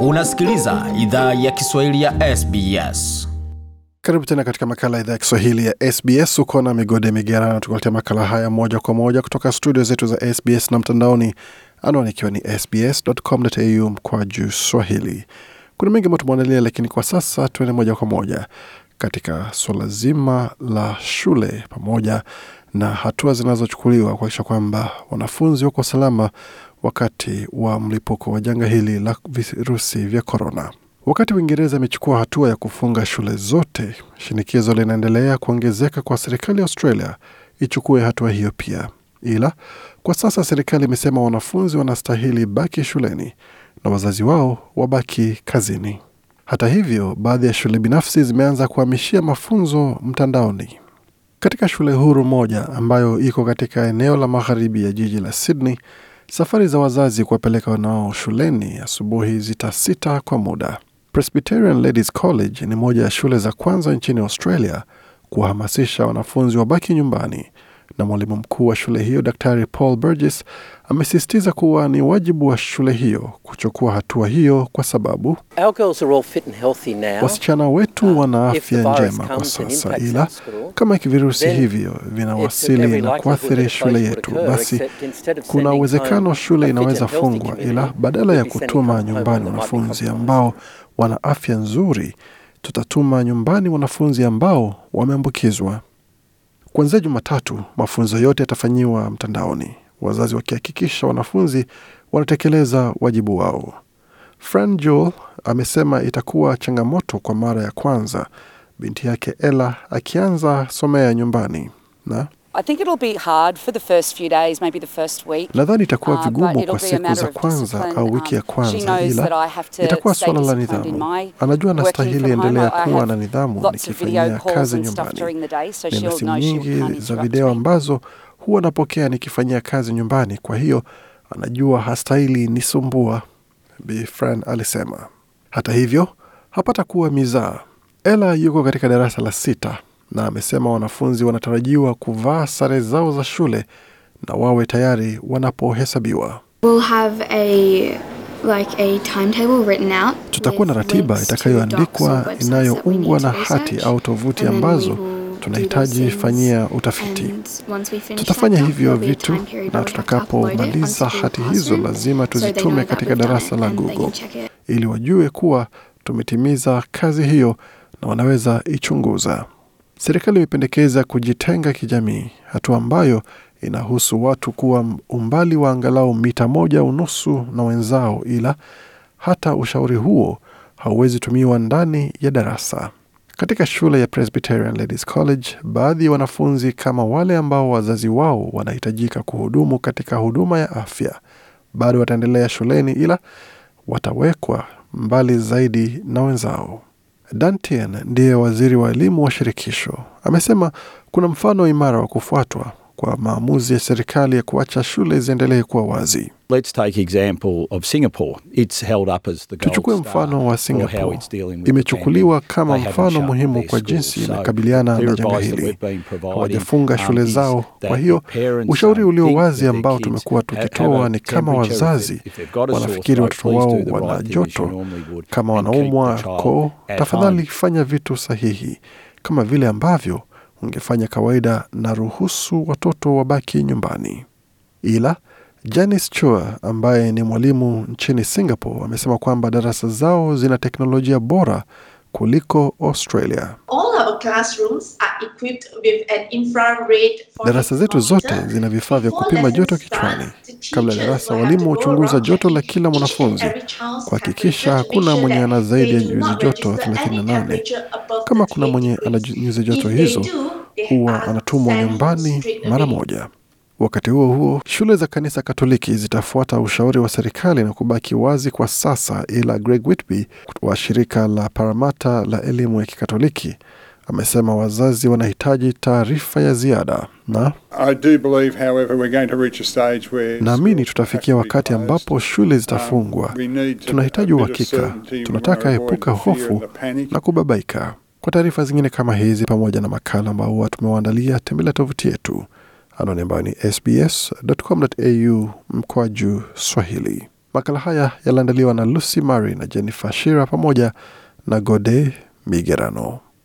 Unasikiliza idhaa ya Kiswahili ya SBS. Karibu tena katika makala ya idhaa ya Kiswahili ya SBS. Uko na Migode Migerana tukuletea makala haya moja kwa moja kutoka studio zetu za SBS na mtandaoni, anwani ikiwa ni sbs.com.au mkwa juu swahili. Kuna mengi ambayo tumeandalia, lakini kwa sasa tuende moja kwa moja katika suala zima la shule pamoja na hatua zinazochukuliwa kuakisha kwamba wanafunzi wako salama wakati wa mlipuko wa janga hili la virusi vya korona. Wakati Uingereza imechukua hatua ya kufunga shule zote, shinikizo linaendelea kuongezeka kwa serikali ya Australia ichukue hatua hiyo pia. Ila kwa sasa serikali imesema wanafunzi wanastahili baki shuleni na wazazi wao wabaki kazini. Hata hivyo, baadhi ya shule binafsi zimeanza kuhamishia mafunzo mtandaoni. Katika shule huru moja ambayo iko katika eneo la magharibi ya jiji la Sydney, safari za wazazi kuwapeleka wanao shuleni asubuhi zitasita kwa muda. Presbyterian Ladies College ni moja ya shule za kwanza nchini Australia kuwahamasisha wanafunzi wabaki nyumbani na mwalimu mkuu wa shule hiyo Daktari Paul Burgess amesisitiza kuwa ni wajibu wa shule hiyo kuchukua hatua hiyo kwa sababu wasichana wetu uh, wana afya njema kwa sasa, ila kama virusi hivyo vinawasili na kuathiri shule yetu, basi kuna uwezekano shule inaweza fungwa, ila badala ya kutuma nyumbani wanafunzi ambao wana afya nzuri, tutatuma nyumbani wanafunzi ambao wameambukizwa. Kuanzia Jumatatu, mafunzo yote yatafanyiwa mtandaoni, wazazi wakihakikisha wanafunzi wanatekeleza wajibu wao. Fran Jewell amesema itakuwa changamoto kwa mara ya kwanza binti yake ela akianza somea nyumbani na Nadhani itakuwa uh, vigumu kwa siku za kwanza au wiki ya um, kwanza, ila itakuwa swala la nidhamu. Anajua anastahili endelea kuwa na nidhamu. Nikifanyia kazi nyumbani, nina simu nyingi za video ambazo huwa napokea nikifanyia kazi nyumbani, kwa hiyo anajua hastahili nisumbua, Bi Fran alisema. Hata hivyo hapata kuwa mizaa. Ela yuko katika darasa la sita na amesema wanafunzi wanatarajiwa kuvaa sare zao za shule na wawe tayari wanapohesabiwa. We'll have a, like a timetable written out, tutakuwa na ratiba itakayoandikwa inayoungwa na hati au tovuti ambazo tunahitaji fanyia utafiti. Tutafanya hivyo vitu, na tutakapomaliza hati hizo lazima tuzitume katika darasa la Google ili wajue kuwa tumetimiza kazi hiyo na wanaweza ichunguza. Serikali imependekeza kujitenga kijamii, hatua ambayo inahusu watu kuwa umbali wa angalau mita moja unusu na wenzao, ila hata ushauri huo hauwezi tumiwa ndani ya darasa. Katika shule ya Presbyterian Ladies College, baadhi ya wanafunzi kama wale ambao wazazi wao wanahitajika kuhudumu katika huduma ya afya bado wataendelea shuleni, ila watawekwa mbali zaidi na wenzao. Dantian ndiye waziri wa elimu wa shirikisho amesema kuna mfano imara wa kufuatwa kwa maamuzi ya serikali ya kuacha shule ziendelee kuwa wazi. Tuchukue mfano wa Singapore, imechukuliwa kama mfano muhimu kwa jinsi inakabiliana na janga hili. Hawajafunga um, shule zao. Kwa hiyo ushauri ulio wazi ambao tumekuwa tukitoa ni kama wazazi wanafikiri watoto wao wana joto, kama wanaumwa koo, tafadhali fanya vitu sahihi kama vile ambavyo ungefanya kawaida na ruhusu watoto wabaki nyumbani. Ila janis Chua ambaye ni mwalimu nchini Singapore amesema kwamba darasa zao zina teknolojia bora kuliko Australia. Darasa zetu zote zina vifaa vya kupima joto kichwani. Kabla ya darasa, walimu huchunguza joto la kila mwanafunzi kuhakikisha hakuna mwenye ana zaidi ya nyuzi joto 38. Kama kuna mwenye ana nyuzi joto hizo, huwa anatumwa nyumbani mara moja. Wakati huo huo, shule za kanisa Katoliki zitafuata ushauri wa serikali na kubaki wazi kwa sasa, ila Greg Whitby wa shirika la paramata la elimu ya Kikatoliki amesema wazazi wanahitaji taarifa ya ziada na naamini tutafikia wakati ambapo shule zitafungwa. Tunahitaji uhakika, tunataka epuka hofu na kubabaika. Kwa taarifa zingine kama hizi pamoja na makala ambao huwa tumewaandalia, tembelea tovuti yetu anwani ambayo ni sbs.com.au juu Swahili. Makala haya yaliandaliwa na Lucy Mary na Jennifer Shira pamoja na Gode Migerano.